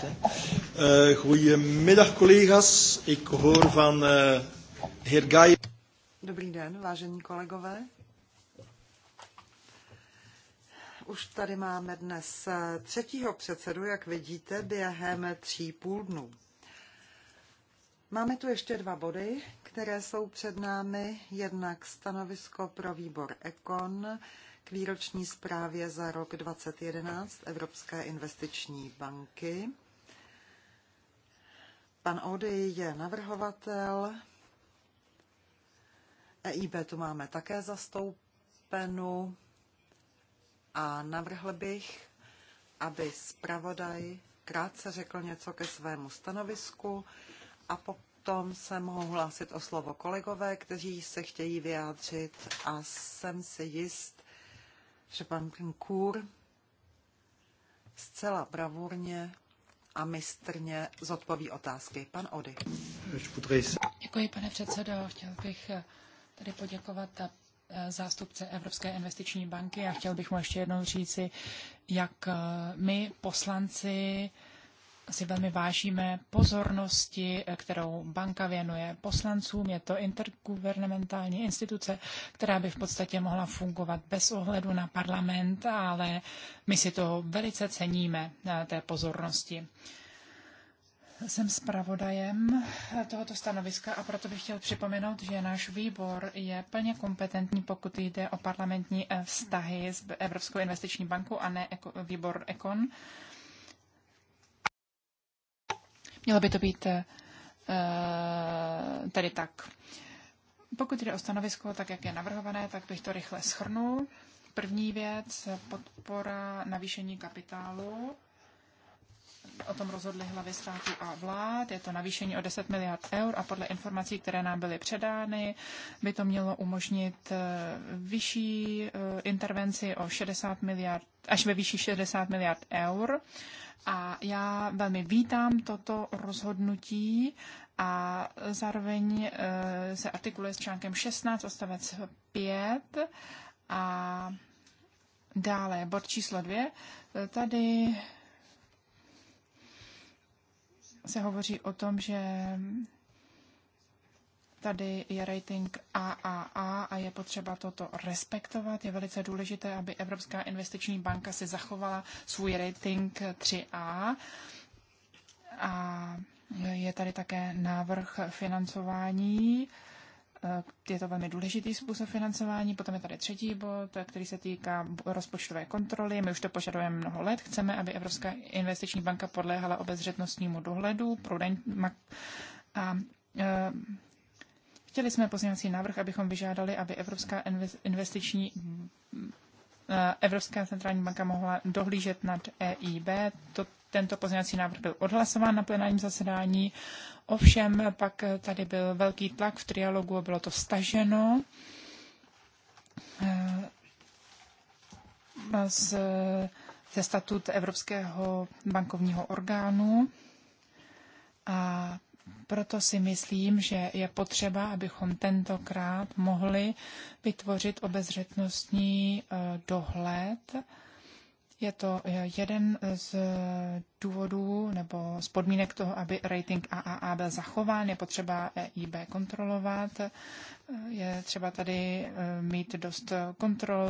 hè. Uh, eh, goedemiddag collega's. Ik hoor van uh, heer Gaj. Dobrý den, vážení kolegové. Už tady máme dnes eh, třetího předsedu, jak vidíte, během tří půl dnů. Máme tu ještě dva body, které jsou před námi. Jednak stanovisko pro výbor Ekon k výroční zprávě za rok 2011 Evropské investiční banky. Pan Ody je navrhovatel. EIB tu máme také zastoupenu a navrhl bych, aby zpravodaj krátce řekl něco ke svému stanovisku a potom se mohou hlásit o slovo kolegové, kteří se chtějí vyjádřit a jsem si jist, že pan Kůr zcela bravurně a mistrně zodpoví otázky. Pan Ody. Děkuji, pane předsedo. Chtěl bych eh, tady poděkovat eh, zástupce Evropské investiční banky a chtěl bych mu ještě jednou říci, jak eh, my poslanci si velmi vážíme pozornosti, eh, kterou banka věnuje poslancům. Je to intergovernmentální instituce, která by v podstatě mohla fungovat bez ohledu na parlament, ale my si to velice ceníme, eh, té pozornosti. Jsem zpravodajem eh, tohoto stanoviska a proto bych chtěl připomenout, že náš výbor je plně kompetentní, pokud jde o parlamentní vztahy s Evropskou investiční bankou a ne výbor ECON. Mělo by to být eh, eh, tedy tak. Pokud jde o stanovisko, tak jak je navrhované, tak bych to rychle schrnul. První věc, podpora navýšení kapitálu. O tom rozhodly hlavy státu a vlád. Je to navýšení o 10 miliard eur a podle informací, které nám byly předány, by to mělo umožnit eh, vyšší intervenci o 60 miliard, až ve výši 60 miliard eur. A já velmi vítám toto rozhodnutí a zároveň e, se artikuluje s článkem 16 odstavec 5 a dále bod číslo 2. E, tady se hovoří o tom, že Tady je rating AAA a je potřeba toto respektovat. Je velice důležité, aby Evropská investiční banka si zachovala svůj rating 3A. A je tady také návrh financování. Je to velmi důležitý způsob financování. Potom je tady třetí bod, který se týká rozpočtové kontroly. My už to požadujeme mnoho let. Chceme, aby Evropská investiční banka podléhala obezřetnostnímu dohledu, prudent, a e, Chtěli jsme pozměňovací návrh, abychom vyžádali, aby Evropská investiční eh, Evropská centrální banka mohla dohlížet nad EIB. To, tento pozměňovací návrh byl odhlasován na plenárním zasedání. Ovšem pak tady byl velký tlak v trialogu a bylo to staženo. Eh, z, ze statut Evropského bankovního orgánu. A proto si myslím, že je potřeba, abychom tentokrát mohli vytvořit obezřetnostní eh, dohled. Je to eh, jeden z důvodů nebo z podmínek toho, aby rating AAA byl zachován, je potřeba EIB kontrolovat, eh, je třeba tady mít dost kontrol.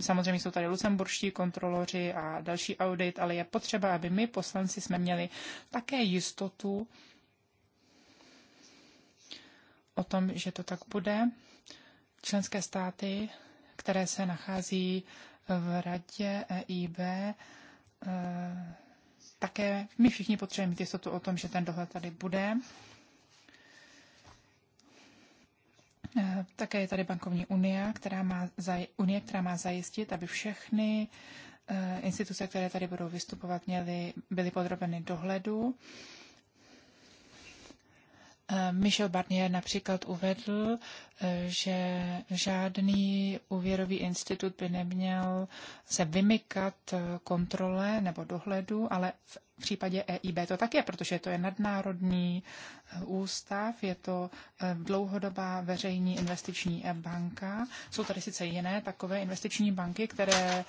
Samozřejmě jsou tady lucemburští kontroloři a další audit, ale je potřeba, aby my poslanci jsme měli také jistotu, o tom, že to tak bude. Členské státy, které se nachází v radě EIB, eh, také my všichni potřebujeme mít jistotu o tom, že ten dohled tady bude. Eh, také je tady bankovní unie, která má, unie, která má zajistit, aby všechny eh, instituce, které tady budou vystupovat, měly, byly podrobeny dohledu Eh, Michel Barnier například uvedl, eh, že žádný úvěrový institut by neměl se vymykat eh, kontrole nebo dohledu, ale v v případě EIB to tak je, protože to je nadnárodní eh, ústav, je to eh, dlouhodobá veřejní investiční eh, banka. Jsou tady sice jiné takové investiční banky, které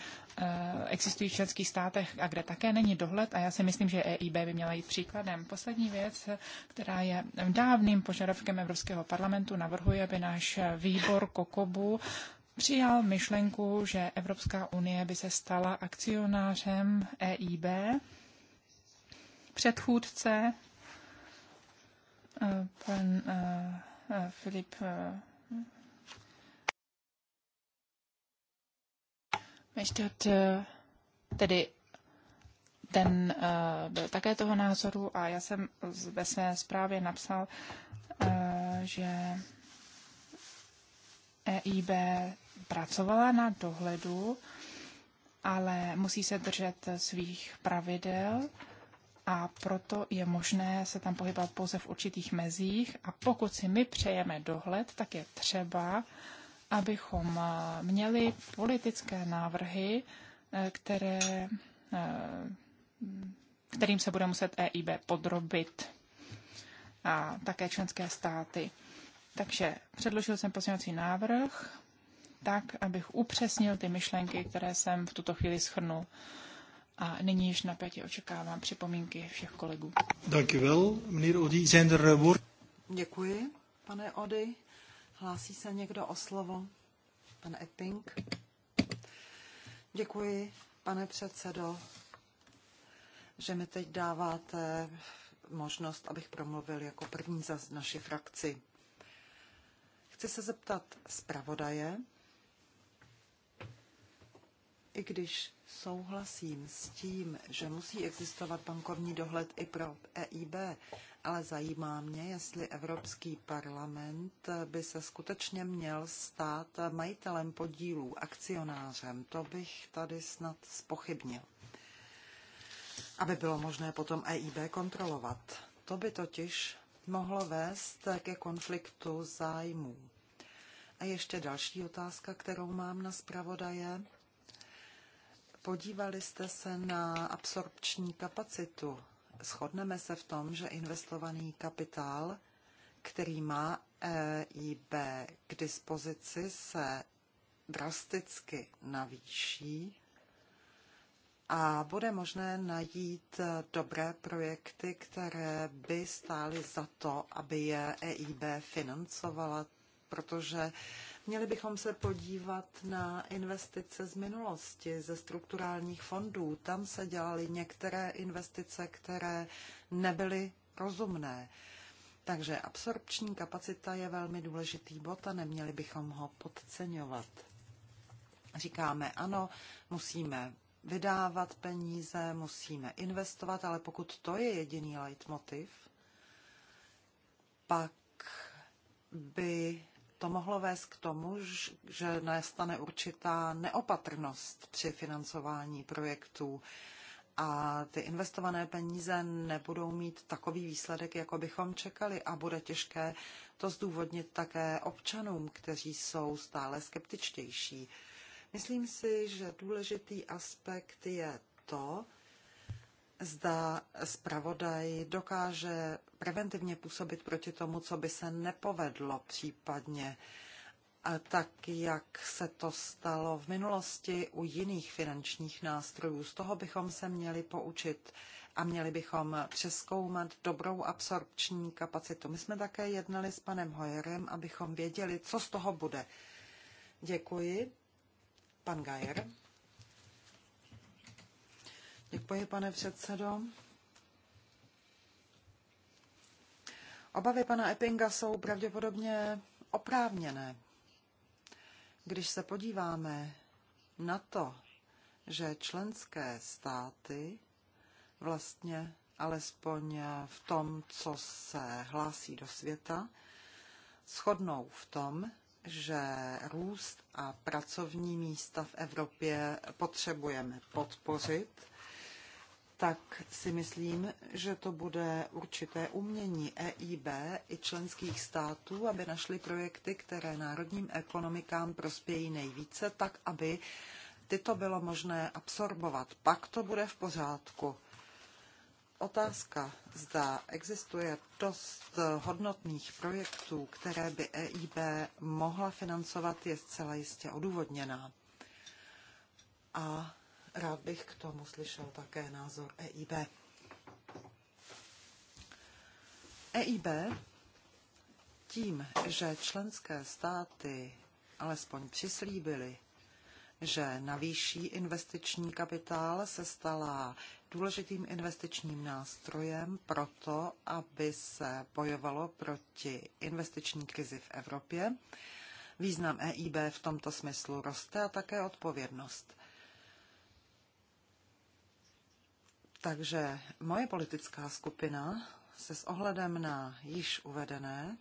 existují v členských státech a kde také není dohled a já si myslím, že EIB by měla jít příkladem. Poslední věc, která je dávným požadavkem Evropského parlamentu, navrhuje, aby náš výbor Kokobu přijal myšlenku, že Evropská unie by se stala akcionářem EIB předchůdce, eh, pan eh, eh, Filip Meštat, tedy ten byl také toho názoru a já jsem ve své zprávě napsal, že EIB pracovala na dohledu, ale musí se držet svých pravidel a proto je možné se tam pohybovat pouze v určitých mezích a pokud si my přejeme dohled, tak je třeba, abychom eh, měli politické návrhy, eh, které, eh, kterým se bude muset EIB podrobit a také členské státy. Takže předložil jsem pozměňovací návrh, tak, abych upřesnil ty myšlenky, které jsem v tuto chvíli schrnul. A nyní již napětě očekávám připomínky všech kolegů. Er, eh, Děkuji, pane Ody. Hlásí se někdo o slovo? Pan Epping. Děkuji, pane předsedo, že mi teď dáváte možnost, abych promluvil jako první za naši frakci. Chci se zeptat zpravodaje, i když souhlasím s tím, že musí existovat bankovní dohled i pro EIB, ale zajímá mě, jestli Evropský parlament by se skutečně měl stát majitelem podílů, akcionářem. To bych tady snad spochybnil. Aby bylo možné potom EIB kontrolovat. To by totiž mohlo vést ke konfliktu zájmů. A ještě další otázka, kterou mám na zpravodaje Podívali jste se na absorpční kapacitu. Shodneme se v tom, že investovaný kapitál, který má EIB k dispozici, se drasticky navýší a bude možné najít dobré projekty, které by stály za to, aby je EIB financovala protože měli bychom se podívat na investice z minulosti, ze strukturálních fondů. Tam se dělaly některé investice, které nebyly rozumné. Takže absorpční kapacita je velmi důležitý bod a neměli bychom ho podceňovat. Říkáme ano, musíme vydávat peníze, musíme investovat, ale pokud to je jediný leitmotiv, pak by to mohlo vést k tomu, že nastane určitá neopatrnost při financování projektů a ty investované peníze nebudou mít takový výsledek, jako bychom čekali a bude těžké to zdůvodnit také občanům, kteří jsou stále skeptičtější. Myslím si, že důležitý aspekt je to, zda zpravodaj dokáže preventivně působit proti tomu, co by se nepovedlo případně, tak jak se to stalo v minulosti u jiných finančních nástrojů. Z toho bychom se měli poučit a měli bychom přeskoumat dobrou absorpční kapacitu. My jsme také jednali s panem Hojerem, abychom věděli, co z toho bude. Děkuji. Pan Gajer. Děkuji, pane předsedo. Obavy pana Eppinga jsou pravděpodobně oprávněné. Když se podíváme na to, že členské státy vlastně alespoň v tom, co se hlásí do světa, shodnou v tom, že růst a pracovní místa v Evropě potřebujeme podpořit tak si myslím, že to bude určité umění EIB i členských států, aby našli projekty, které národním ekonomikám prospějí nejvíce, tak aby tyto bylo možné absorbovat. Pak to bude v pořádku. Otázka, zda existuje dost hodnotných projektů, které by EIB mohla financovat, je zcela jistě odůvodněná. A rád bych k tomu slyšel také názor EIB. EIB tím, že členské státy alespoň přislíbily, že navýší investiční kapitál, se stala důležitým investičním nástrojem pro to, aby se bojovalo proti investiční krizi v Evropě. Význam EIB v tomto smyslu roste a také odpovědnost. Takže moje politická skupina se s ohledem na již uvedené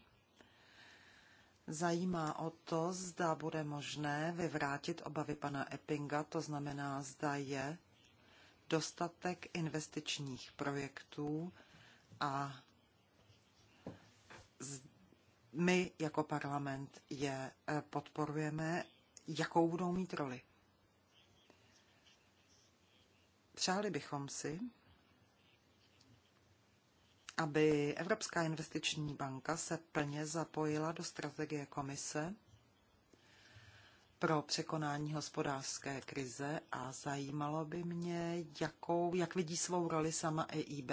zajímá o to, zda bude možné vyvrátit obavy pana Eppinga, to znamená, zda je dostatek investičních projektů a my jako parlament je eh, podporujeme, jakou budou mít roli. Přáli bychom si, aby Evropská investiční banka se plně zapojila do strategie komise pro překonání hospodářské krize a zajímalo by mě, jakou, jak vidí svou roli sama EIB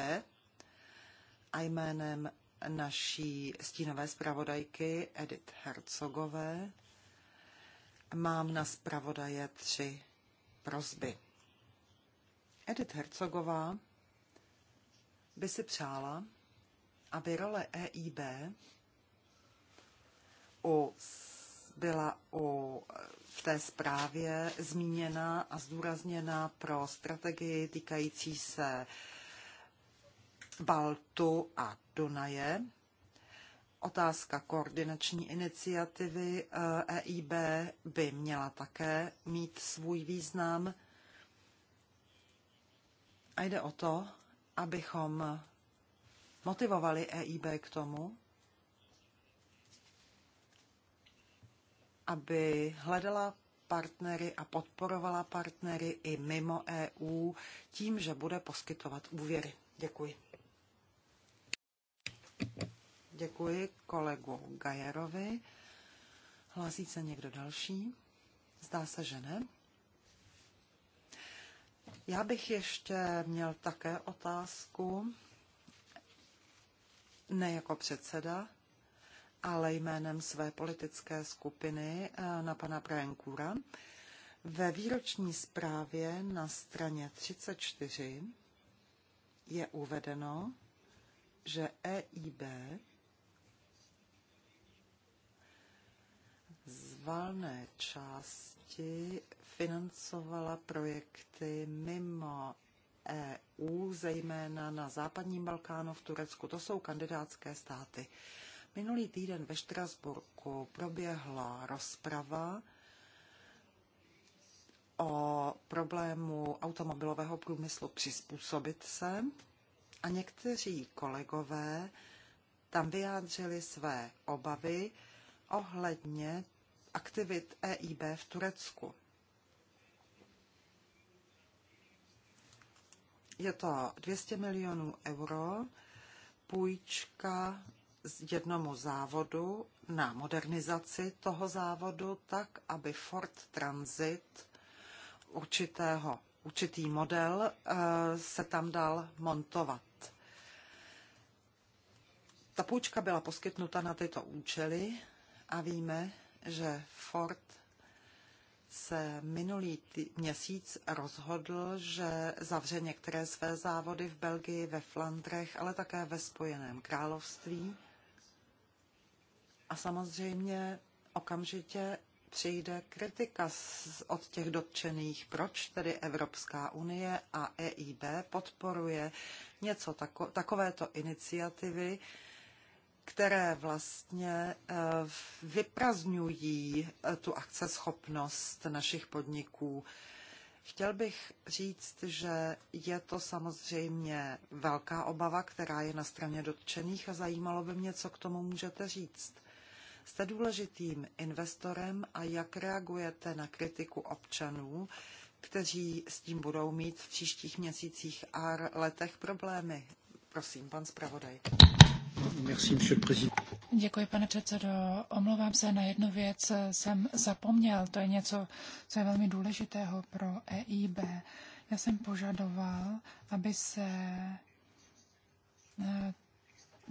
a jménem naší stínové zpravodajky Edith Hercogové mám na zpravodaje tři prosby. Edith Hercogová by si přála, aby role EIB u, byla o, v té zprávě zmíněna a zdůrazněna pro strategii týkající se Baltu a Dunaje. Otázka koordinační iniciativy EIB eh, e by měla také mít svůj význam. A jde o to, abychom motivovali EIB k tomu, aby hledala partnery a podporovala partnery i mimo EU tím, že bude poskytovat úvěry. Děkuji. Děkuji kolegu Gajerovi. Hlásí se někdo další? Zdá se, že ne. Já bych ještě měl také otázku, ne jako předseda, ale jménem své politické skupiny eh, na pana Brajenkura. Ve výroční zprávě na straně 34 je uvedeno, že EIB valné části financovala projekty mimo EU, zejména na západním Balkánu v Turecku. To jsou kandidátské státy. Minulý týden ve Štrasburku proběhla rozprava o problému automobilového průmyslu přizpůsobit se a někteří kolegové tam vyjádřili své obavy ohledně aktivit EIB v Turecku. Je to 200 milionů euro, půjčka z jednomu závodu na modernizaci toho závodu tak, aby Ford Transit určitého, určitý model eh, se tam dal montovat. Ta půjčka byla poskytnuta na tyto účely a víme, že Ford se minulý tý, měsíc rozhodl, že zavře některé své závody v Belgii, ve Flandrech, ale také ve Spojeném království. A samozřejmě okamžitě přijde kritika od těch dotčených, proč tedy Evropská unie a EIB podporuje něco tako, takovéto iniciativy, které vlastně eh, vyprazňují eh, tu akceschopnost našich podniků. Chtěl bych říct, že je to samozřejmě velká obava, která je na straně dotčených a zajímalo by mě, co k tomu můžete říct. Jste důležitým investorem a jak reagujete na kritiku občanů, kteří s tím budou mít v příštích měsících a letech problémy? Prosím, pan zpravodaj. Děkuji, pane předsedo. Omlouvám se, na jednu věc jsem zapomněl. To je něco, co je velmi důležitého pro EIB. Já jsem požadoval, aby se eh,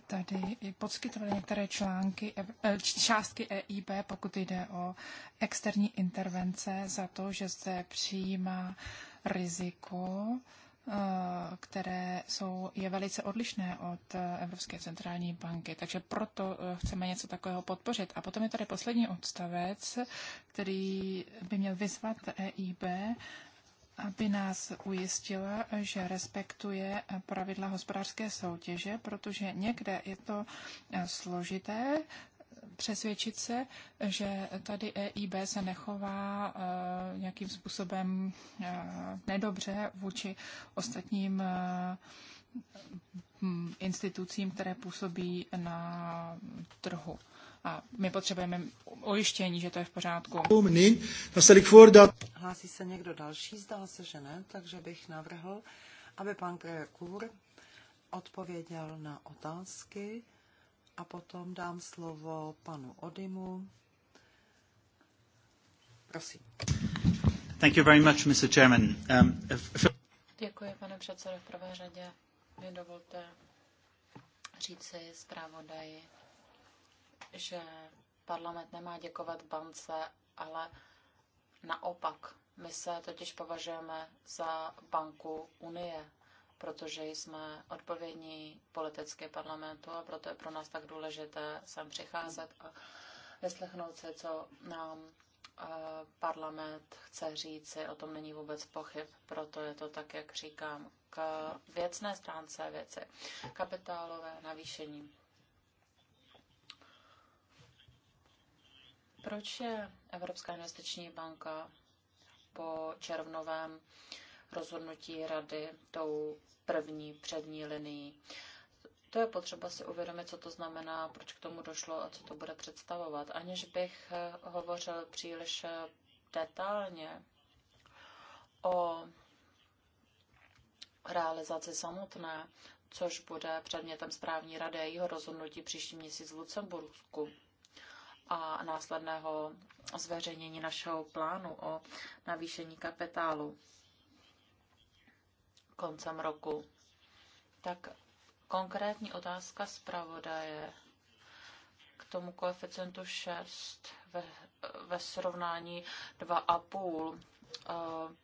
tady poskytovaly některé články, eh, částky EIB, pokud jde o externí intervence za to, že se přijímá riziko Eh, které jsou, je velice odlišné od eh, Evropské centrální banky. Takže proto eh, chceme něco takového podpořit. A potom je tady poslední odstavec, který by měl vyzvat EIB, aby nás ujistila, že respektuje pravidla hospodářské soutěže, protože někde je to složité, přesvědčit se, že tady EIB se nechová eh, nějakým způsobem eh, nedobře vůči ostatním eh, institucím, které působí na trhu. A my potřebujeme ojištění, že to je v pořádku. Hlásí se někdo další? Zdá se, že ne, takže bych navrhl, aby pan Krekur odpověděl na otázky a potom dám slovo panu Odimu. Prosím. Thank you very much, Mr. Chairman. Um, if... if... Děkuji, pane předsedo. V prvé řadě mi dovolte říci zpravodaji, že parlament nemá děkovat bance, ale naopak. My se totiž považujeme za banku Unie protože jsme odpovědní politické parlamentu a proto je pro nás tak důležité sem přicházet a vyslechnout se, co nám eh, parlament chce říci, o tom není vůbec pochyb, proto je to tak, jak říkám, k věcné stránce věci, kapitálové navýšení. Proč je Evropská investiční banka po červnovém rozhodnutí rady tou první přední linií. To je potřeba si uvědomit, co to znamená, proč k tomu došlo a co to bude představovat. Aniž bych eh, hovořil příliš eh, detailně o realizaci samotné, což bude předmětem správní rady a jeho rozhodnutí příští měsíc v Lucembursku a následného zveřejnění našeho plánu o navýšení kapitálu koncem roku. Tak konkrétní otázka zpravodaje k tomu koeficientu 6 ve, ve srovnání 2,5, eh,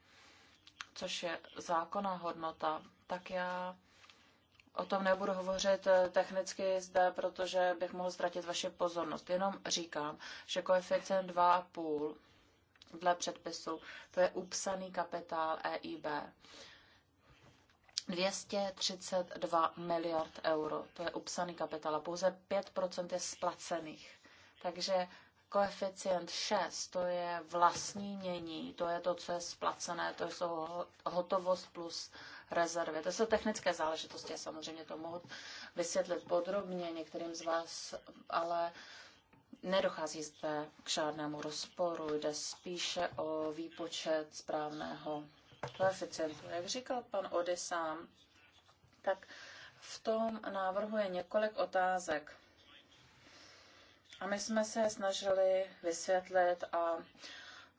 což je zákonná hodnota, tak já O tom nebudu hovořit eh, technicky zde, protože bych mohl ztratit vaši pozornost. Jenom říkám, že koeficient 2,5 dle předpisu, to je upsaný kapitál EIB. 232 miliard euro, to je upsaný kapitál a pouze 5% je splacených. Takže koeficient 6, to je vlastní mění, to je to, co je splacené, to jsou hotovost plus rezervy. To jsou technické záležitosti, já samozřejmě to mohu vysvětlit podrobně některým z vás, ale nedochází zde k žádnému rozporu, jde spíše o výpočet správného koeficientů. Jak říkal pan Ody sám, tak v tom návrhu je několik otázek. A my jsme se snažili vysvětlit a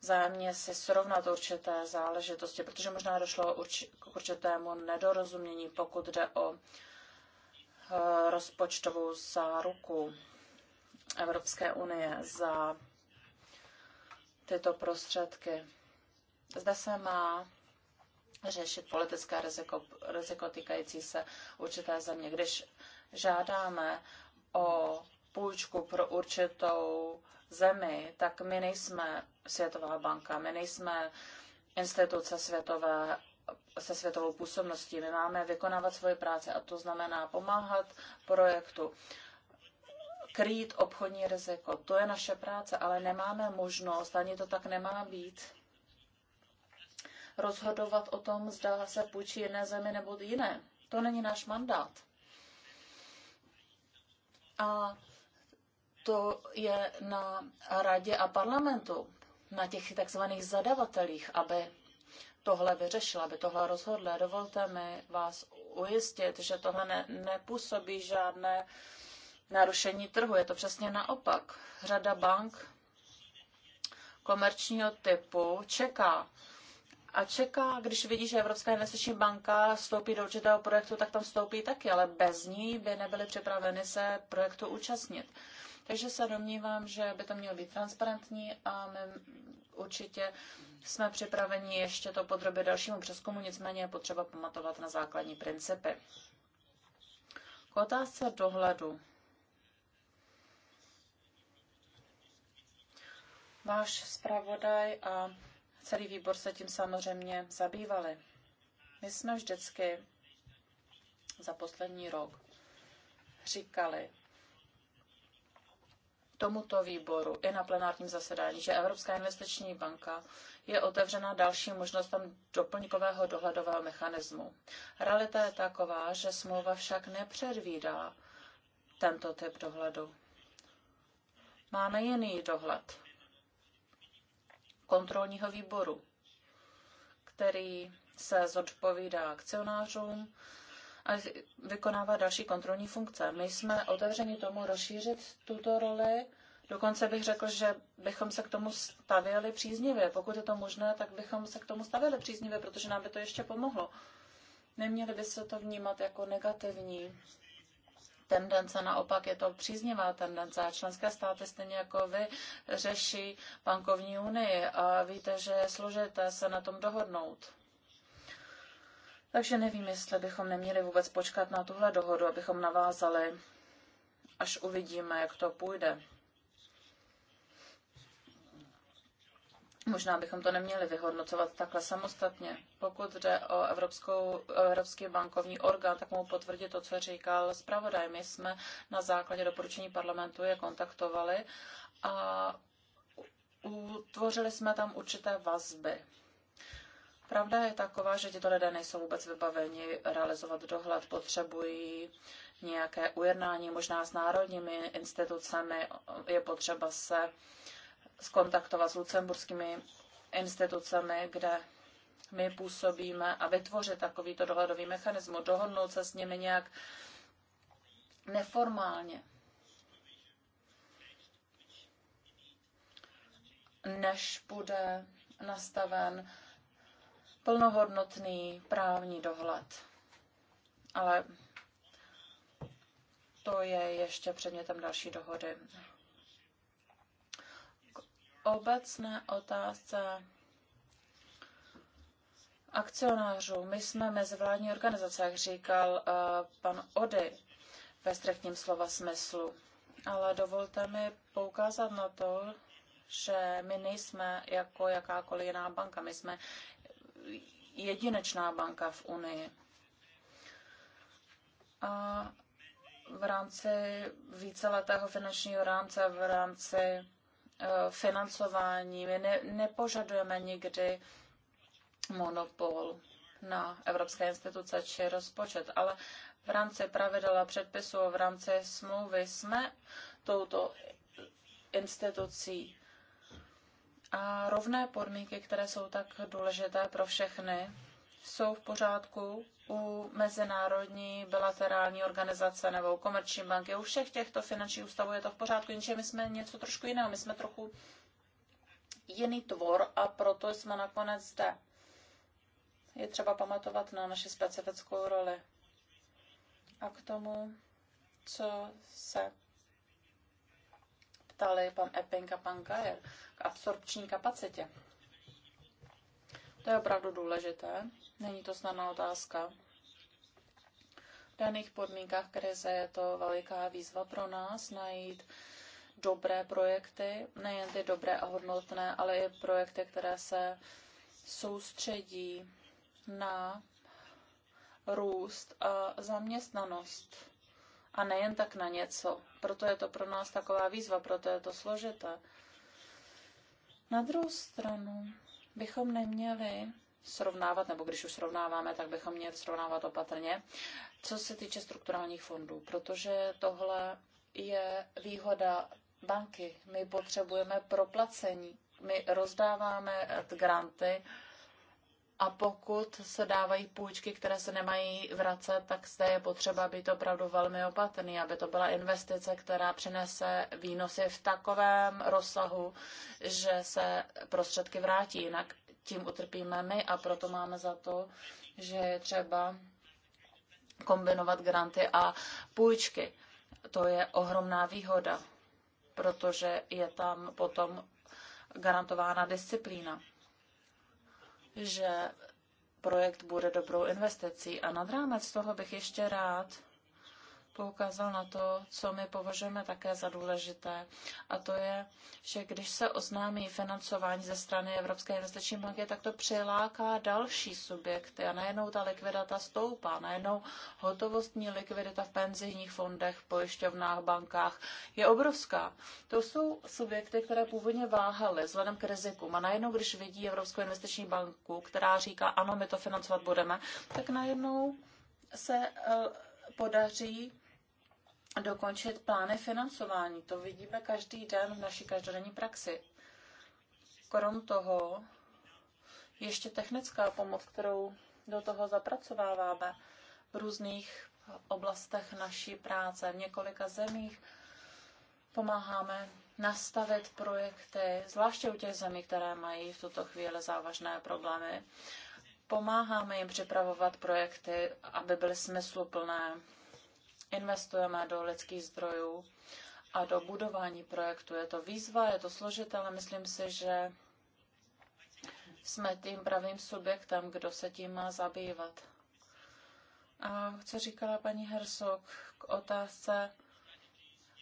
vzájemně si srovnat určité záležitosti, protože možná došlo k určitému nedorozumění, pokud jde o eh, rozpočtovou záruku Evropské unie za tyto prostředky. Zde se má řešit politické riziko, riziko týkající se určité země. Když žádáme o půjčku pro určitou zemi, tak my nejsme Světová banka, my nejsme instituce světové se světovou působností. My máme vykonávat svoji práci a to znamená pomáhat projektu, krýt obchodní riziko. To je naše práce, ale nemáme možnost, ani to tak nemá být, rozhodovat o tom, zda se půjčí jedné zemi nebo jiné. To není náš mandát. A to je na radě a parlamentu, na těch takzvaných zadavatelích, aby tohle vyřešila, aby tohle rozhodla. Dovolte mi vás ujistit, že tohle ne, nepůsobí žádné narušení trhu. Je to přesně naopak. Řada bank komerčního typu čeká a čeká, když vidí, že Evropská investiční banka vstoupí do určitého projektu, tak tam vstoupí taky, ale bez ní by nebyly připraveny se projektu účastnit. Takže se domnívám, že by to mělo být transparentní a my určitě jsme připraveni ještě to podrobit dalšímu přeskumu, nicméně je potřeba pamatovat na základní principy. K otázce dohledu. Váš zpravodaj a Celý výbor se tím samozřejmě zabývali. My jsme vždycky za poslední rok říkali tomuto výboru i na plenárním zasedání, že Evropská investiční banka je otevřena dalším možnostem doplňkového dohledového mechanismu. Realita je taková, že smlouva však nepředvídá tento typ dohledu. Máme jiný dohled kontrolního výboru, který se zodpovídá akcionářům a vykonává další kontrolní funkce. My jsme otevřeni tomu rozšířit tuto roli. Dokonce bych řekl, že bychom se k tomu stavěli příznivě. Pokud je to možné, tak bychom se k tomu stavěli příznivě, protože nám by to ještě pomohlo. Neměli by se to vnímat jako negativní tendence, naopak je to příznivá tendence. A členské státy stejně jako vy řeší bankovní unii a víte, že je složité se na tom dohodnout. Takže nevím, jestli bychom neměli vůbec počkat na tuhle dohodu, abychom navázali, až uvidíme, jak to půjde. Možná bychom to neměli vyhodnocovat takhle samostatně. Pokud jde o Evropskou, Evropský bankovní orgán, tak mohu potvrdit to, co říkal zpravodaj. My jsme na základě doporučení parlamentu je kontaktovali a utvořili jsme tam určité vazby. Pravda je taková, že tito lidé nejsou vůbec vybaveni realizovat dohled, potřebují nějaké ujednání možná s národními institucemi, je potřeba se uh, skontaktovat s lucemburskými institucemi, kde my působíme a vytvořit takovýto dohledový mechanismus, dohodnout se s nimi nějak neformálně. Než bude nastaven plnohodnotný právní dohled. Ale to je ještě předmětem další dohody obecné otázce akcionářů. My jsme mezivládní organizace, jak říkal uh, pan Ody ve striktním slova smyslu. Ale dovolte mi poukázat na to, že my nejsme jako jakákoliv jiná banka. My jsme jedinečná banka v Unii. A v rámci víceletého finančního rámce, v rámci Eh, financování. My ne, nepožadujeme nikdy monopol na evropské instituce či rozpočet, ale v rámci pravidel a předpisů, v rámci smlouvy jsme touto institucí. A rovné podmínky, které jsou tak důležité pro všechny, jsou v pořádku u mezinárodní bilaterální organizace nebo u komerční banky. U všech těchto finančních ústavů je to v pořádku, jenže my jsme něco trošku jiného. My jsme trochu jiný tvor a proto jsme nakonec zde. Je třeba pamatovat na naši specifickou roli. A k tomu, co se ptali pan Epping a pan Kajer k absorpční kapacitě. To je opravdu důležité. Není to snadná otázka. V daných podmínkách krize je to veliká výzva pro nás najít dobré projekty, nejen ty dobré a hodnotné, ale i projekty, které se soustředí na růst a zaměstnanost. A nejen tak na něco. Proto je to pro nás taková výzva, proto je to složité. Na druhou stranu bychom neměli srovnávat, nebo když už srovnáváme, tak bychom měli srovnávat opatrně, co se týče strukturálních fondů, protože tohle je výhoda banky. My potřebujeme proplacení, my rozdáváme eh, granty a pokud se dávají půjčky, které se nemají vracet, tak zde je potřeba být opravdu velmi opatrný, aby to byla investice, která přinese výnosy v takovém rozsahu, že se prostředky vrátí. Jinak tím utrpíme my a proto máme za to, že třeba kombinovat granty a půjčky. To je ohromná výhoda, protože je tam potom garantována disciplína, že projekt bude dobrou investicí. A nad rámec toho bych ještě rád poukázal na to, co my považujeme také za důležité. A to je, že když se oznámí financování ze strany Evropské investiční banky, tak to přiláká další subjekty a najednou ta likvidita stoupá. Najednou hotovostní likvidita v penzijních fondech, pojišťovnách, bankách je obrovská. To jsou subjekty, které původně váhaly vzhledem k rizikům. A najednou, když vidí Evropskou investiční banku, která říká, ano, my to financovat budeme, tak najednou se eh, podaří dokončit plány financování. To vidíme každý den v naší každodenní praxi. Krom toho ještě technická pomoc, kterou do toho zapracováváme v různých oblastech naší práce. V několika zemích pomáháme nastavit projekty, zvláště u těch zemí, které mají v tuto chvíli závažné problémy. Pomáháme jim připravovat projekty, aby byly smysluplné, investujeme do lidských zdrojů a do budování projektu. Je to výzva, je to složité, ale myslím si, že jsme tím pravým subjektem, kdo se tím má zabývat. A co říkala paní Hersok k otázce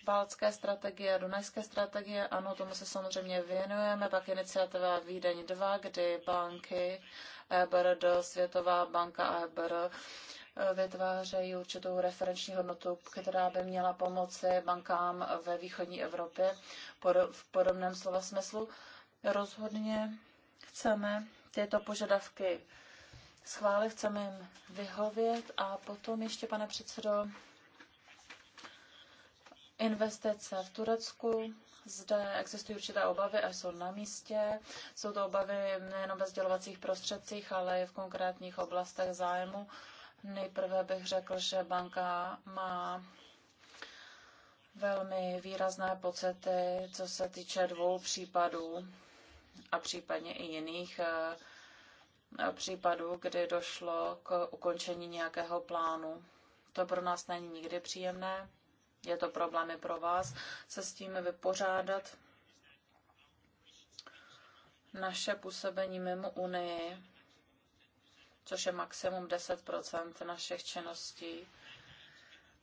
Balcké strategie, Dunajské strategie, ano, tomu se samozřejmě věnujeme. Pak iniciativa Vídeň 2, kdy banky EBRD, Světová banka EBRD vytvářejí určitou referenční hodnotu, která by měla pomoci bankám ve východní Evropě v podobném slova smyslu. Rozhodně chceme tyto požadavky schválit, chceme jim vyhovět a potom ještě, pane předsedo, investice v Turecku. Zde existují určité obavy a jsou na místě. Jsou to obavy nejen ve sdělovacích prostředcích, ale i v konkrétních oblastech zájmu. Nejprve bych řekl, že banka má velmi výrazné pocity, co se týče dvou případů a případně i jiných eh, případů, kdy došlo k ukončení nějakého plánu. To pro nás není nikdy příjemné, je to problém i pro vás se s tím vypořádat. Naše působení mimo Unii což je maximum 10 našich činností,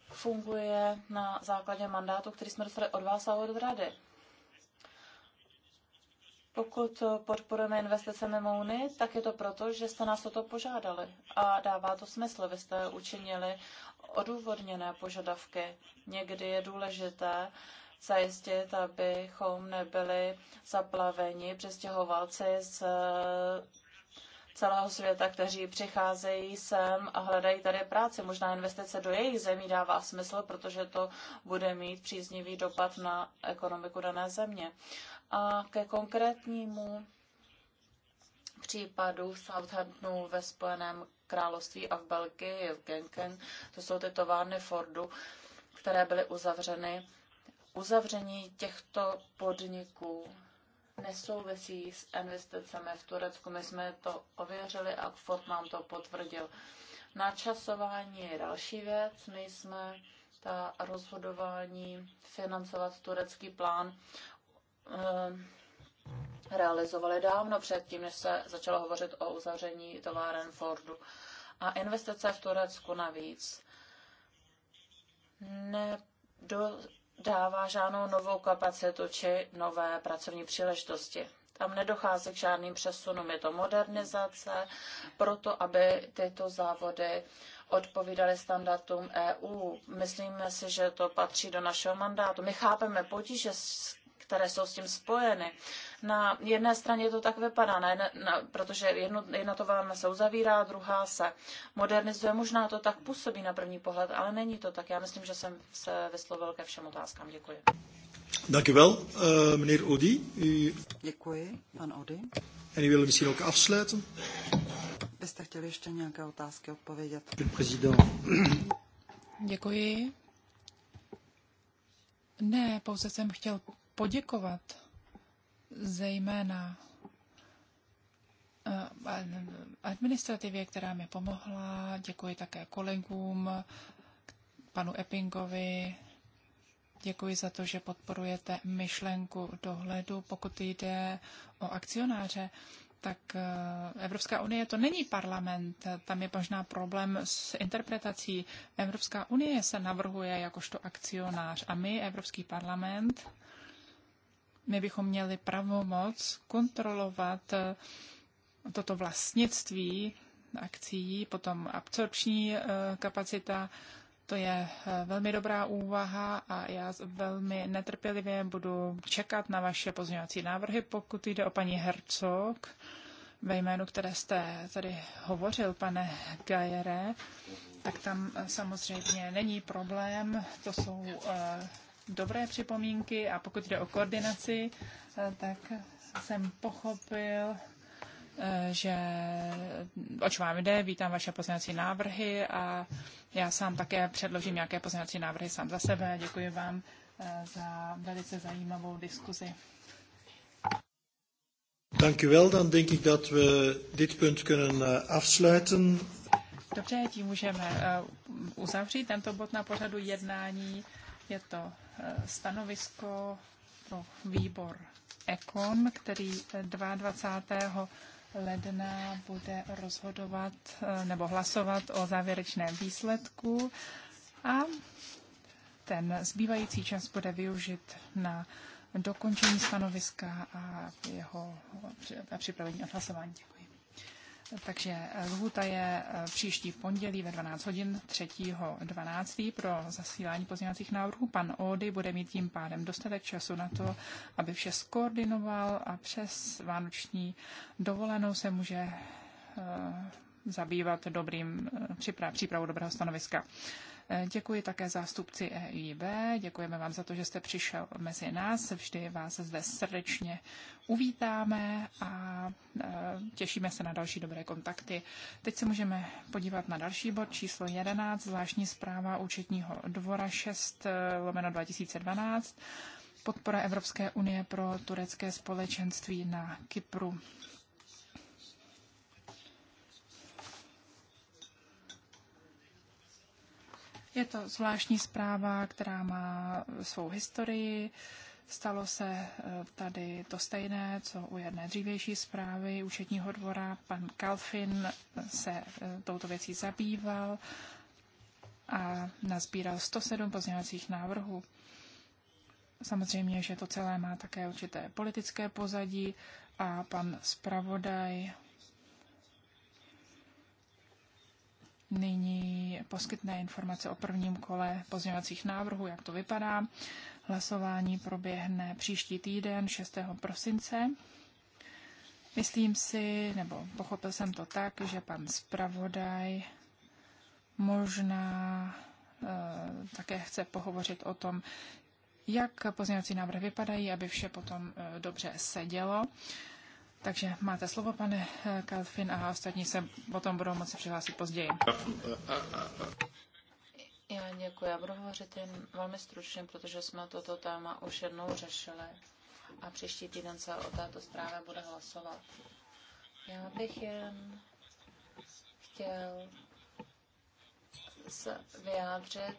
funguje na základě mandátu, který jsme dostali od vás a od rady. Pokud podporujeme investice mimo Unii, tak je to proto, že jste nás o to požádali. A dává to smysl. Vy jste učinili odůvodněné požadavky. Někdy je důležité zajistit, abychom nebyli zaplaveni přestěhovalci z celého světa, kteří přicházejí sem a hledají tady práci. Možná investice do jejich zemí dává smysl, protože to bude mít příznivý dopad na ekonomiku dané země. A ke konkrétnímu případu v Southamptonu ve Spojeném království a v Belgii, v Genken, to jsou ty továrny Fordu, které byly uzavřeny. Uzavření těchto podniků nesouvisí s investicemi v Turecku. My jsme to ověřili a FOD nám to potvrdil. Načasování je další věc. My jsme ta rozhodování financovat turecký plán eh, realizovali dávno předtím, než se začalo hovořit o uzavření továren Fordu. A investice v Turecku navíc ne do, dává žádnou novou kapacitu či nové pracovní příležitosti. Tam nedochází k žádným přesunům, je to modernizace, proto aby tyto závody odpovídaly standardům EU. Myslíme si, že to patří do našeho mandátu. My chápeme potíže, s které jsou s tím spojeny. Na jedné straně to tak vypadá, na jedne, na, protože jedno, jedna továrna se uzavírá, druhá se modernizuje. Možná to tak působí na první pohled, ale není to tak. Já myslím, že jsem se vyslovil ke všem otázkám. Děkuji. Děkuji vel, uh, eh, Odi. U... Děkuji, pan Odi. Any will wilde misschien ook afsluiten? Byste chtěli ještě nějaké otázky odpovědět? Děkuji. Ne, pouze jsem chtěl poděkovat zejména eh, administrativě, která mi pomohla. Děkuji také kolegům, panu Eppingovi. Děkuji za to, že podporujete myšlenku dohledu, pokud jde o akcionáře tak eh, Evropská unie to není parlament. Tam je možná problém s interpretací. Evropská unie se navrhuje jakožto akcionář a my, Evropský parlament, my bychom měli pravomoc kontrolovat eh, toto vlastnictví akcí, potom absorpční eh, kapacita, to je eh, velmi dobrá úvaha a já velmi netrpělivě budu čekat na vaše pozměňovací návrhy, pokud jde o paní Hercog, ve jménu které jste tady hovořil, pane Gajere, tak tam samozřejmě není problém, to jsou dobré připomínky a pokud jde o koordinaci, eh, tak jsem pochopil, eh, že oč vám jde, vítám vaše pozměňovací návrhy a já sám také předložím nějaké pozměňovací návrhy sám za sebe. Děkuji vám eh, za velice zajímavou diskuzi. Dank u wel. Dan denk ik dat we dit punt kunnen afsluiten. Dobře, tím můžeme uzavřít tento bod na pořadu jednání. Je to stanovisko pro výbor Ekon, který 22. ledna bude rozhodovat eh, nebo hlasovat o závěrečném výsledku a ten zbývající čas bude využit na dokončení stanoviska a jeho eh, a připravení a hlasování. Takže eh, lhůta je eh, příští pondělí ve 12 hodin 3.12. pro zasílání pozměňovacích návrhů. Pan Ody bude mít tím pádem dostatek času na to, aby vše skoordinoval a přes vánoční dovolenou se může eh, zabývat dobrým přípravou dobrého stanoviska. Děkuji také zástupci EIB, děkujeme vám za to, že jste přišel mezi nás, vždy vás zde srdečně uvítáme a e, těšíme se na další dobré kontakty. Teď se můžeme podívat na další bod číslo 11, zvláštní zpráva účetního dvora 6 e, lomeno 2012, podpora Evropské unie pro turecké společenství na Kypru. Je to zvláštní zpráva, která má svou historii. Stalo se eh, tady to stejné, co u jedné dřívější zprávy účetního dvora. Pan Kalfin se eh, touto věcí zabýval a nazbíral 107 pozměňovacích návrhů. Samozřejmě, že to celé má také určité politické pozadí a pan zpravodaj nyní poskytne informace o prvním kole pozměňovacích návrhů, jak to vypadá. Hlasování proběhne příští týden 6. prosince. Myslím si, nebo pochopil jsem to tak, že pan zpravodaj možná e, také chce pohovořit o tom, jak pozměňovací návrhy vypadají, aby vše potom e, dobře sedělo. E, takže máte slovo, pane eh, Kalfin, a ostatní se potom budou moci přihlásit později. Já děkuji. Já budu hovořit jen velmi stručně, protože jsme toto téma už jednou řešili a příští týden se o této zprávě bude hlasovat. Já bych jen chtěl se vyjádřit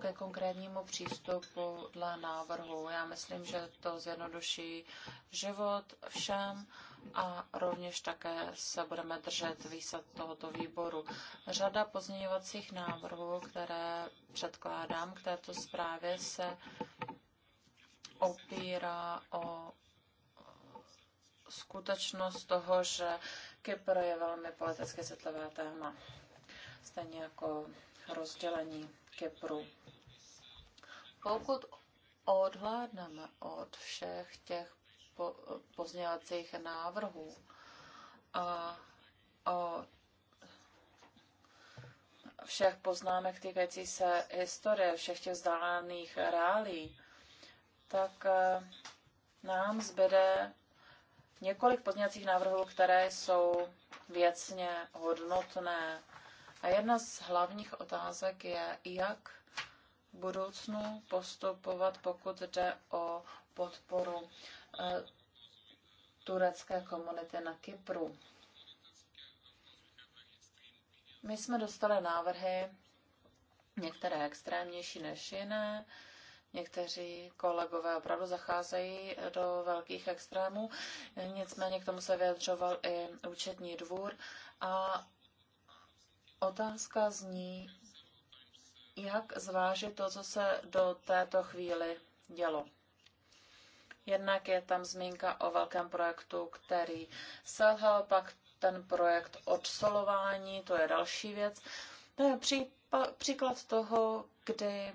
ke konkrétnímu přístupu dle návrhu. Já myslím, že to zjednoduší život všem a rovněž také se budeme držet výsad tohoto výboru. Řada pozměňovacích návrhů, které předkládám k této zprávě, se opírá o skutečnost toho, že Kypr je velmi politicky citlivé téma, stejně jako rozdělení Kypru. Pokud odhlédneme od všech těch po, pozněvacích návrhů a od všech poznámek týkající se historie, všech těch vzdálených reálí, tak e, nám zbyde několik pozněcích návrhů, které jsou věcně hodnotné a jedna z hlavních otázek je, jak v budoucnu postupovat, pokud jde o podporu eh, turecké komunity na Kypru. My jsme dostali návrhy, některé extrémnější než jiné. Někteří kolegové opravdu zacházejí eh, do velkých extrémů, nicméně k tomu se vyjadřoval i účetní dvůr a Otázka zní, jak zvážit to, co se do této chvíli dělo. Jednak je tam zmínka o velkém projektu, který selhal, pak ten projekt odsolování, to je další věc. To je příklad toho, kdy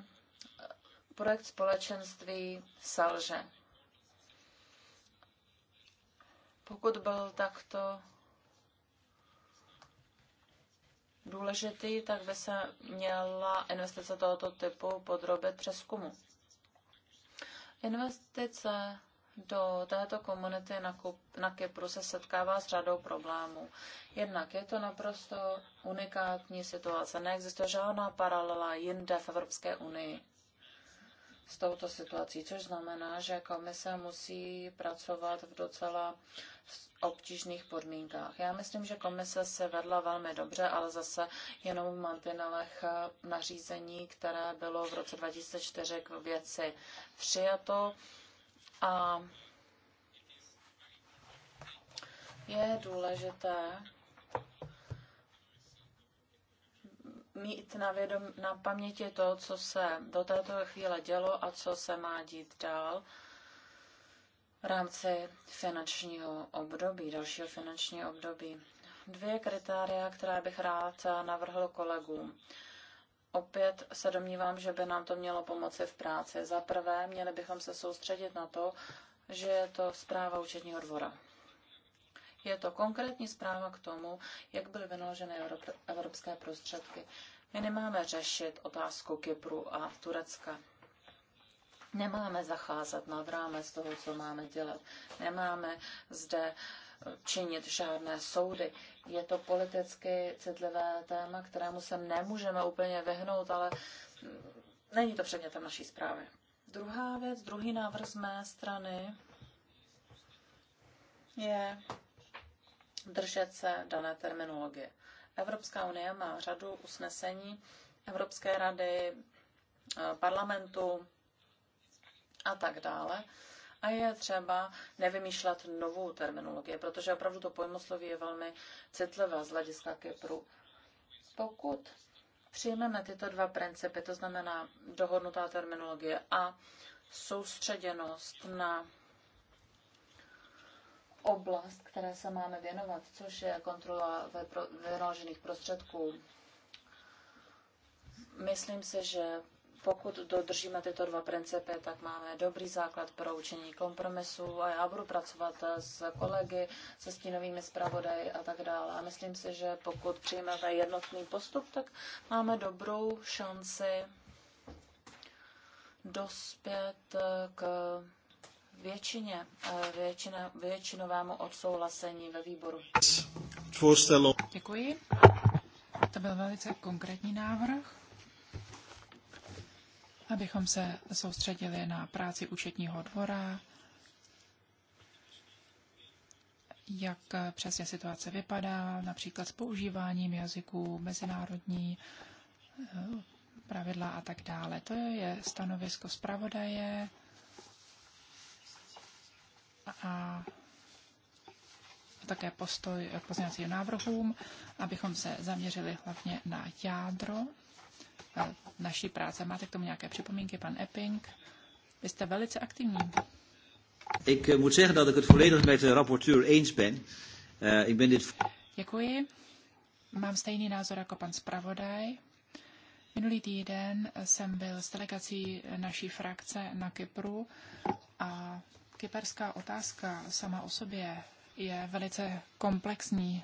projekt společenství selže. Pokud byl takto důležitý, tak by se měla investice tohoto typu podrobit přeskumu. Investice do této komunity na, Kup, na Kypru se setkává s řadou problémů. Jednak je to naprosto unikátní situace. Neexistuje žádná paralela jinde v Evropské unii s touto situací, což znamená, že komise musí pracovat v docela obtížných podmínkách. Já myslím, že komise se vedla velmi dobře, ale zase jenom v mantinelech nařízení, které bylo v roce 2004 k věci přijato. A je důležité, mít na, vědom, na paměti to, co se do této chvíle dělo a co se má dít dál v rámci finančního období, dalšího finančního období. Dvě kritéria, která bych rád navrhl kolegům. Opět se domnívám, že by nám to mělo pomoci v práci. Za prvé, měli bychom se soustředit na to, že je to zpráva účetního dvora. Je to konkrétní zpráva k tomu, jak byly vynaloženy evropské prostředky. My nemáme řešit otázku Kypru a Turecka. Nemáme zacházet nad rámec toho, co máme dělat. Nemáme zde činit žádné soudy. Je to politicky citlivé téma, kterému se nemůžeme úplně vyhnout, ale není to předmětem naší zprávy. Druhá věc, druhý návrh z mé strany je držet se dané terminologie. Evropská unie má řadu usnesení Evropské rady, eh, parlamentu a tak dále. A je třeba nevymýšlet novou terminologii, protože opravdu to pojmosloví je velmi citlivé z hlediska Kypru. Pokud přijmeme tyto dva principy, to znamená dohodnutá terminologie a soustředěnost na oblast, které se máme věnovat, což je kontrola vynaložených prostředků. Myslím si, že pokud dodržíme tyto dva principy, tak máme dobrý základ pro učení kompromisu a já budu pracovat s kolegy, se stínovými zpravodaji a tak dále. A myslím si, že pokud přijmeme jednotný postup, tak máme dobrou šanci dospět k většině, eh, většina, většinovému odsouhlasení ve výboru. Děkuji. To byl velice konkrétní návrh, abychom se soustředili na práci účetního dvora, jak eh, přesně situace vypadá, například s používáním jazyků, mezinárodní eh, pravidla a tak dále. To je stanovisko zpravodaje a také postoj k pozměňovacím návrhům, abychom se zaměřili hlavně na jádro eh, naší práce. Máte k tomu nějaké připomínky, pan Epping? Vy jste velice aktivní. Ik eh, moet zeggen dat ik het volledig met de rapporteur eens ben. Uh, ik ben dit... Děkuji. Mám stejný názor jako pan zpravodaj. Minulý týden jsem byl s delegací naší frakce na Kypru a kyperská otázka sama o sobě je velice komplexní.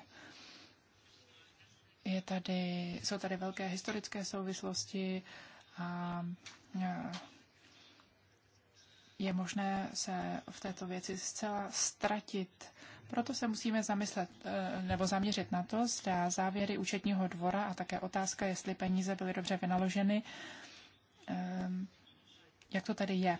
Je tady, jsou tady velké historické souvislosti a je možné se v této věci zcela ztratit. Proto se musíme zamyslet e, nebo zaměřit na to, zda závěry účetního dvora a také otázka, jestli peníze byly dobře vynaloženy, e, jak to tady je.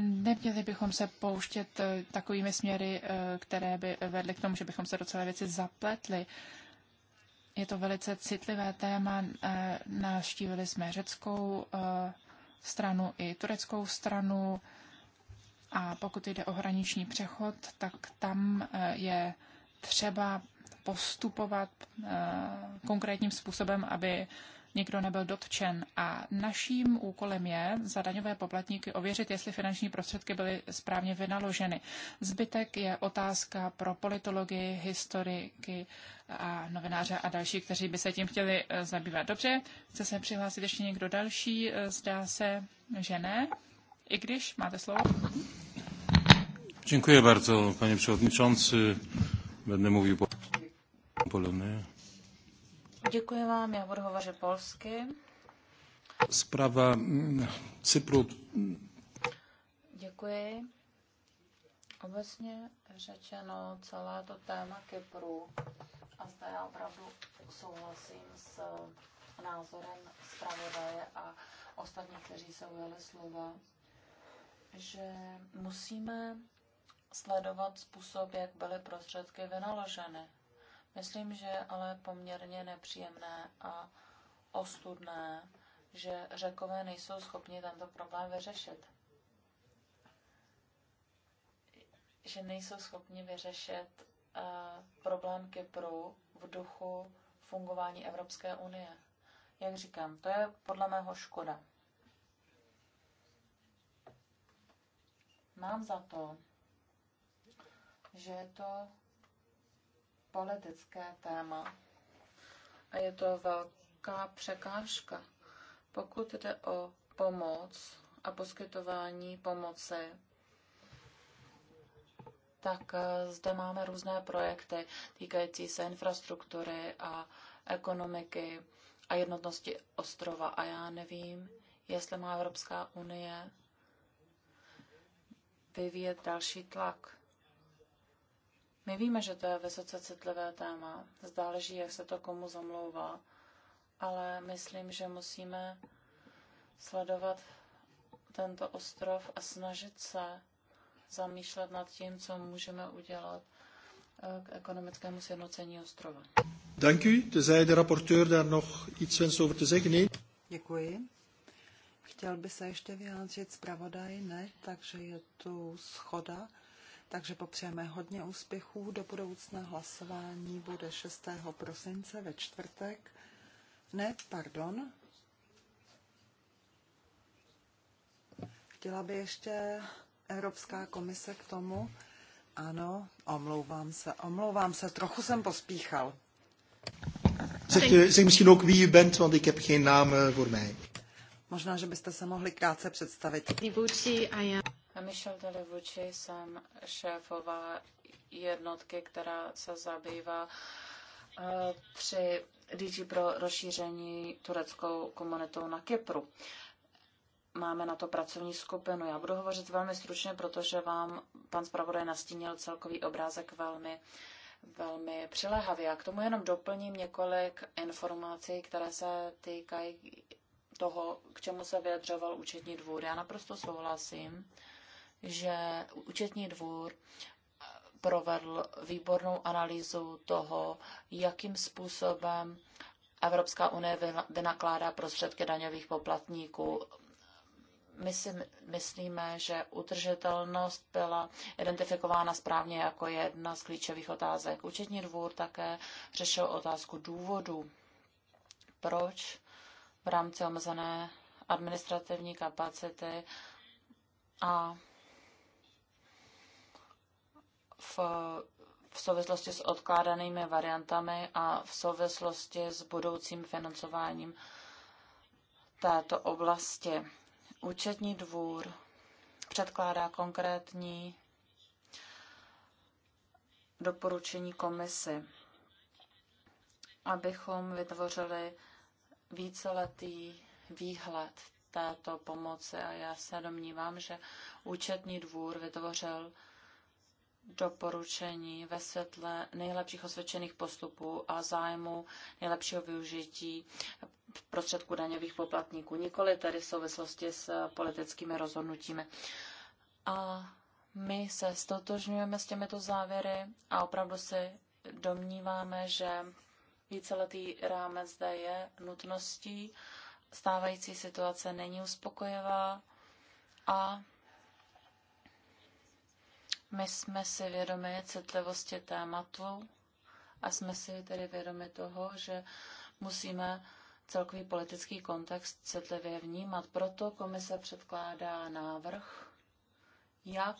Neměli bychom se pouštět eh, takovými směry, eh, které by vedly k tomu, že bychom se do celé věci zapletli. Je to velice citlivé téma. Eh, navštívili jsme řeckou stranu i tureckou stranu. A pokud jde o hraniční přechod, tak tam je třeba postupovat konkrétním způsobem, aby nikdo nebyl dotčen. A naším úkolem je za daňové poplatníky ověřit, jestli finanční prostředky byly správně vynaloženy. Zbytek je otázka pro politologii, historiky a novináře a další, kteří by se tím chtěli eh, zabývat. Dobře, chce se přihlásit ještě někdo další? Eh, Zdá se, že ne. I když máte slovo. Dziękuję bardzo, panie przewodniczący. Będę mówił po polonie. Děkuji vám, já budu hovořit polsky. Zpráva mm, Cypru. Děkuji. Obecně řečeno celé to téma Kypru a zde já opravdu souhlasím s názorem zpravodaje a ostatních, kteří se ujeli slova, že musíme sledovat způsob, jak byly prostředky vynaloženy. Myslím, že je ale poměrně nepříjemné a ostudné, že řekové nejsou schopni tento problém vyřešit. Že nejsou schopni vyřešit uh, problém Kypru v duchu fungování Evropské unie. Jak říkám, to je podle mého škoda. Mám za to, že je to politické téma a je to velká překážka. Pokud jde o pomoc a poskytování pomoci, tak eh, zde máme různé projekty týkající se infrastruktury a ekonomiky a jednotnosti ostrova. A já nevím, jestli má Evropská unie vyvíjet další tlak my víme, že to je vysoce citlivé téma. Záleží, jak se to komu zamlouvá. Ale myslím, že musíme sledovat tento ostrov a snažit se zamýšlet nad tím, co můžeme udělat eh, k ekonomickému sjednocení ostrova. de Děkuji. Chtěl by se ještě vyjádřit zpravodaj? Ne, takže je tu schoda takže popřejeme hodně úspěchů. Do budoucna hlasování bude 6. prosince ve čtvrtek. Ne, pardon. Chtěla by ještě Evropská komise k tomu. Ano, omlouvám se, omlouvám se, trochu jsem pospíchal. Zeg eh, misschien ook wie u bent, want ik heb geen naam eh, voor mij. Možná, že byste se mohli krátce představit. Michelle Delivucci jsem šéfovala jednotky, která se zabývá při eh, DG pro rozšíření tureckou komunitou na Kypru. Máme na to pracovní skupinu. Já budu hovořit velmi stručně, protože vám pan zpravodaj nastínil celkový obrázek velmi velmi přilehavě. A k tomu jenom doplním několik informací, které se týkají toho, k čemu se vyjadřoval účetní dvůr. Já naprosto souhlasím že účetní dvůr provedl výbornou analýzu toho, jakým způsobem Evropská unie vynakládá prostředky daňových poplatníků. My si myslíme, že utržitelnost byla identifikována správně jako jedna z klíčových otázek. Účetní dvůr také řešil otázku důvodu, proč v rámci omezené administrativní kapacity a v, v souvislosti s odkládanými variantami a v souvislosti s budoucím financováním této oblasti. Účetní dvůr předkládá konkrétní doporučení komisi, abychom vytvořili víceletý výhled této pomoci. A já se domnívám, že účetní dvůr vytvořil doporučení ve světle nejlepších osvědčených postupů a zájmu nejlepšího využití prostředků daňových poplatníků, nikoli tedy v souvislosti s politickými rozhodnutími. A my se stotožňujeme s těmito závěry a opravdu si domníváme, že víceletý rámec zde je nutností, stávající situace není uspokojivá a my jsme si vědomi citlivosti tématu a jsme si tedy vědomi toho, že musíme celkový politický kontext citlivě vnímat. Proto komise předkládá návrh, jak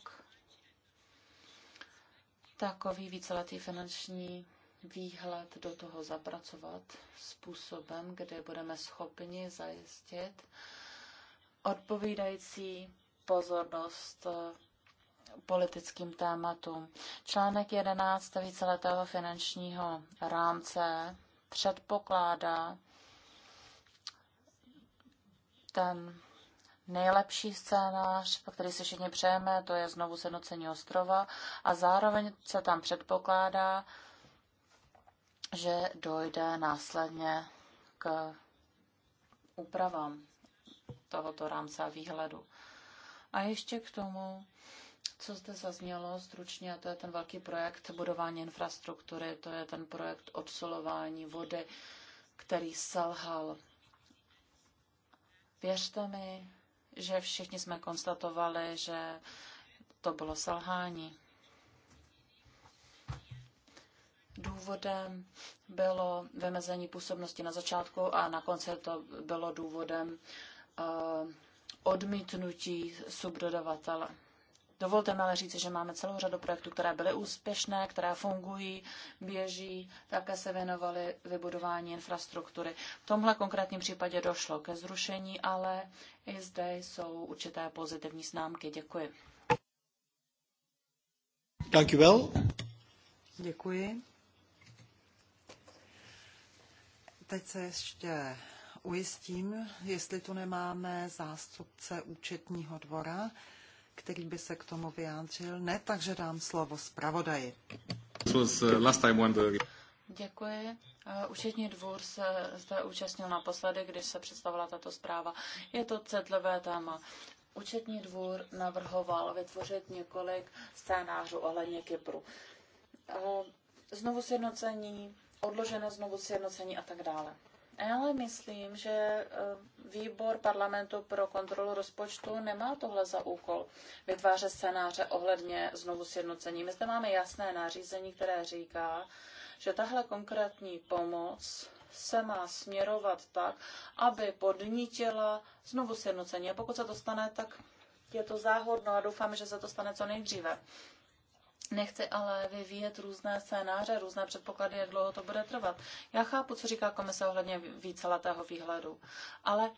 takový víceletý finanční výhled do toho zapracovat způsobem, kde budeme schopni zajistit odpovídající pozornost politickým tématům. Článek 11 víceletého finančního rámce předpokládá ten nejlepší scénář, který se všichni přejeme, to je znovu sednocení ostrova a zároveň se tam předpokládá, že dojde následně k úpravám tohoto rámce a výhledu. A ještě k tomu co zde zaznělo stručně, to je ten velký projekt budování infrastruktury, to je ten projekt odsolování vody, který selhal. Věřte mi, že všichni jsme konstatovali, že to bylo selhání. Důvodem bylo vymezení působnosti na začátku a na konci to bylo důvodem uh, odmítnutí subdodavatele. Dovolte mi ale říct, že máme celou řadu projektů, které byly úspěšné, které fungují, běží, také se věnovaly vybudování infrastruktury. V tomhle konkrétním případě došlo ke zrušení, ale i zde jsou určité pozitivní známky. Děkuji. Dankjewel. Děkuji. Teď se ještě ujistím, jestli tu nemáme zástupce účetního dvora který by se k tomu vyjádřil? Ne, takže dám slovo zpravodaji. Uh, Děkuji. Učetní uh, dvůr se zde účastnil naposledy, když se představila tato zpráva. Je to citlivé téma. Účetní dvůr navrhoval vytvořit několik scénářů ohledně Kypru. Uh, znovu sjednocení, odložené znovu sjednocení a tak dále. Ale myslím, že eh, výbor parlamentu pro kontrolu rozpočtu nemá tohle za úkol vytvářet scénáře ohledně znovu sjednocení. My zde máme jasné nařízení, které říká, že tahle konkrétní pomoc se má směrovat tak, aby podnítila znovu sjednocení. A pokud se to stane, tak je to záhodno a doufám, že se to stane co nejdříve. Nechci ale vyvíjet různé scénáře, různé předpoklady, jak dlouho to bude trvat. Já chápu, co říká komise ohledně víceletého výhledu, ale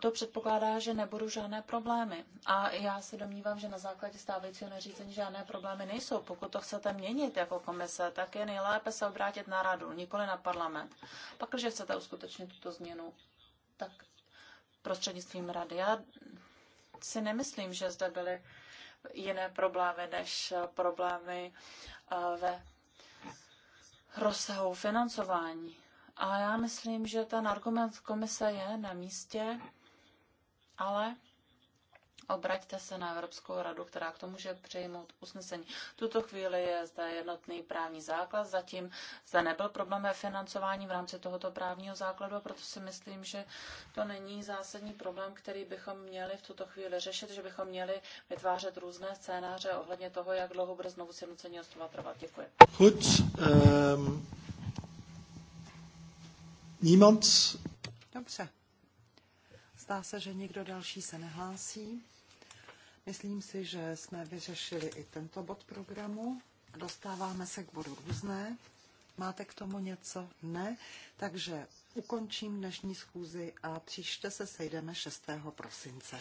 to předpokládá, že nebudou žádné problémy. A já se domnívám, že na základě stávajícího nařízení žádné problémy nejsou. Pokud to chcete měnit jako komise, tak je nejlépe se obrátit na radu, nikoli na parlament. Pak, když chcete uskutečnit tuto změnu, tak prostřednictvím rady. Já si nemyslím, že zde byly jiné problémy než problémy eh, ve rozsahu financování. A já myslím, že ten argument komise je na místě, ale obraťte se na Evropskou radu, která k tomu může přijmout usnesení. tuto chvíli je zde jednotný právní základ, zatím zde nebyl problém ve financování v rámci tohoto právního základu, a proto si myslím, že to není zásadní problém, který bychom měli v tuto chvíli řešit, že bychom měli vytvářet různé scénáře ohledně toho, jak dlouho bude znovu sjednocení ostrova trvat. Děkuji. Goed, um, niemand? Dobře. Zdá se, že nikdo další se nehlásí. Myslím si, že jsme vyřešili i tento bod programu. Dostáváme se k bodu různé. Máte k tomu něco? Ne. Takže ukončím dnešní schůzi a příště se sejdeme 6. prosince.